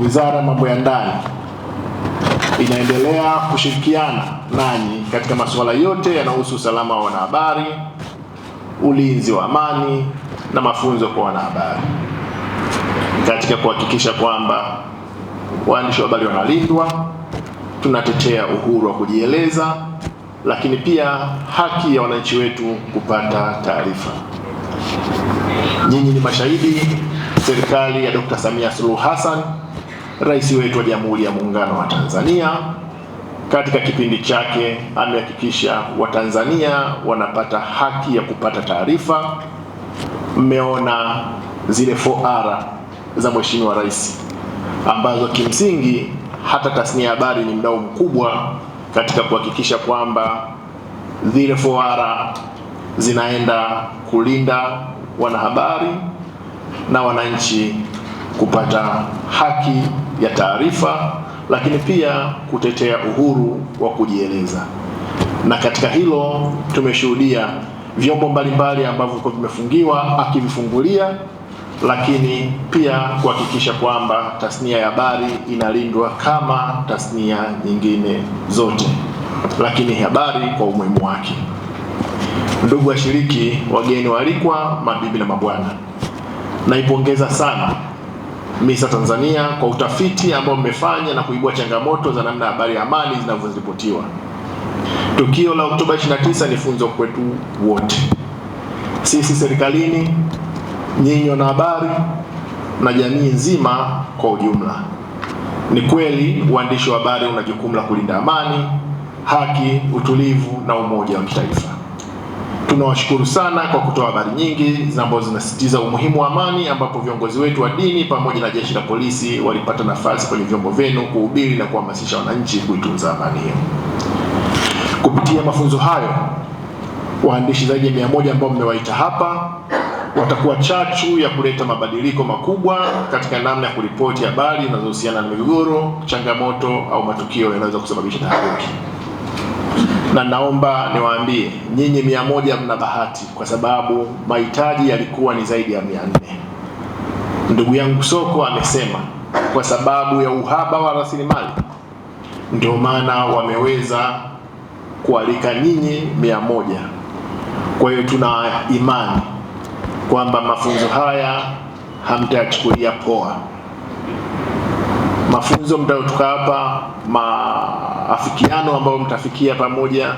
Wizara ya Mambo ya Ndani inaendelea kushirikiana nanyi katika masuala yote yanayohusu usalama wa wanahabari, ulinzi wa amani na mafunzo kwa wanahabari katika kuhakikisha kwamba waandishi wa habari wanalindwa, tunatetea uhuru wa kujieleza, lakini pia haki ya wananchi wetu kupata taarifa. Nyinyi ni mashahidi, serikali ya Dr. Samia Suluhu Hassan Rais wetu wa Jamhuri ya Muungano wa Tanzania katika kipindi chake amehakikisha Watanzania wanapata haki ya kupata taarifa. Mmeona zile 4R za Mheshimiwa Rais ambazo kimsingi hata tasnia ya habari ni mdau mkubwa katika kuhakikisha kwamba zile 4R zinaenda kulinda wanahabari na wananchi kupata haki ya taarifa, lakini pia kutetea uhuru wa kujieleza. Na katika hilo tumeshuhudia vyombo mbalimbali ambavyo viko vimefungiwa akivifungulia, lakini pia kuhakikisha kwamba tasnia ya habari inalindwa kama tasnia nyingine zote, lakini habari kwa umuhimu wake. Ndugu washiriki, wageni waalikwa, mabibi na mabwana, naipongeza sana MISA Tanzania kwa utafiti ambao mmefanya na kuibua changamoto za namna habari ya amani zinavyoripotiwa. Tukio la Oktoba 29 ni funzo kwetu wote, sisi serikalini, nyinyi wanahabari na jamii nzima kwa ujumla. Ni kweli uandishi wa habari una jukumu la kulinda amani, haki, utulivu na umoja wa kitaifa. Tunawashukuru sana kwa kutoa habari nyingi ambazo zinasisitiza umuhimu wa amani, ambapo viongozi wetu wa dini pamoja na jeshi la polisi walipata nafasi kwenye vyombo vyenu kuhubiri na kuhamasisha wananchi kuitunza amani hiyo. Kupitia mafunzo hayo, waandishi zaidi ya mia moja ambao mmewaita hapa watakuwa chachu ya kuleta mabadiliko makubwa katika namna ya kuripoti habari zinazohusiana na migogoro, changamoto au matukio yanayoweza kusababisha taharuki na naomba niwaambie nyinyi mia moja mna bahati, kwa sababu mahitaji yalikuwa ni zaidi ya mia nne. Ndugu yangu Soko amesema kwa sababu ya uhaba wa rasilimali ndio maana wameweza kualika nyinyi mia moja. Kwa hiyo tuna imani kwamba mafunzo haya hamtayachukulia poa mafunzo mtayotoka hapa, maafikiano ambayo mtafikia pamoja,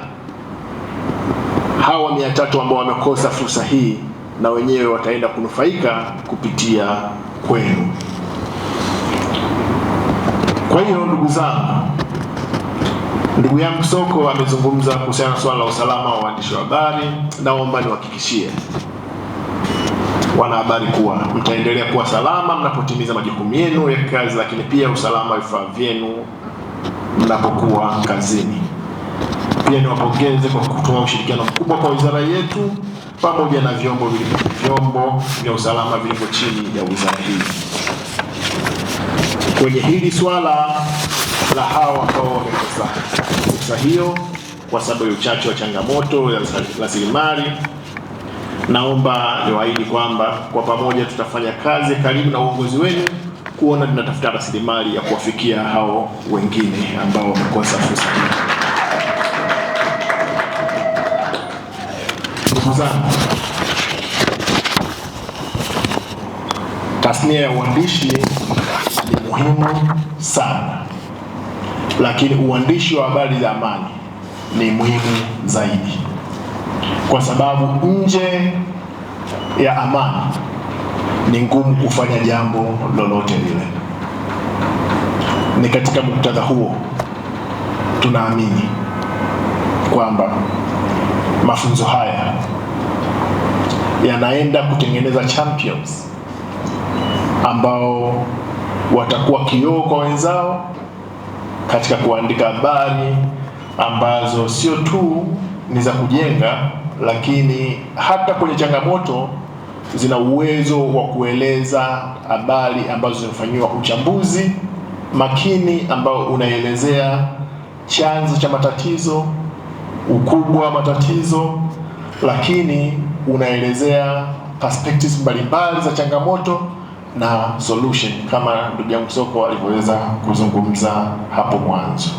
hawa mia tatu ambao wamekosa fursa hii na wenyewe wataenda kunufaika kupitia kwenu. Kwa hiyo ndugu zangu, ndugu yangu Soko amezungumza kuhusiana na swala la usalama wa waandishi wa habari, naomba niwahakikishie wanahabari kuwa mtaendelea kuwa salama mnapotimiza majukumu yenu ya kazi, lakini pia usalama vifaa vyenu mnapokuwa kazini. Pia niwapongeze kwa kutoa ushirikiano mkubwa kwa wizara yetu pamoja na vyombo vyombo vya usalama vilivyo chini ya wizara hii kwenye hili swala la hawa ambao wamekosa fursa hiyo kwa sababu ya uchache wa changamoto ya rasilimali Naomba niwaahidi kwamba kwa pamoja tutafanya kazi karibu na uongozi wenu kuona tunatafuta rasilimali ya kuwafikia hao wengine ambao wamekosa fursa hii. Ndugu zangu, tasnia ya uandishi ni muhimu sana, lakini uandishi wa habari za amani ni muhimu zaidi kwa sababu nje ya amani ni ngumu kufanya jambo lolote lile. Ni katika muktadha huo tunaamini kwamba mafunzo haya yanaenda kutengeneza champions ambao watakuwa kioo kwa wenzao katika kuandika habari ambazo sio tu ni za kujenga, lakini hata kwenye changamoto zina uwezo wa kueleza habari ambazo zimefanyiwa uchambuzi makini ambao unaelezea chanzo cha matatizo, ukubwa wa matatizo, lakini unaelezea perspectives mbalimbali za changamoto na solution, kama ndugu yangu Soko alivyoweza kuzungumza hapo mwanzo.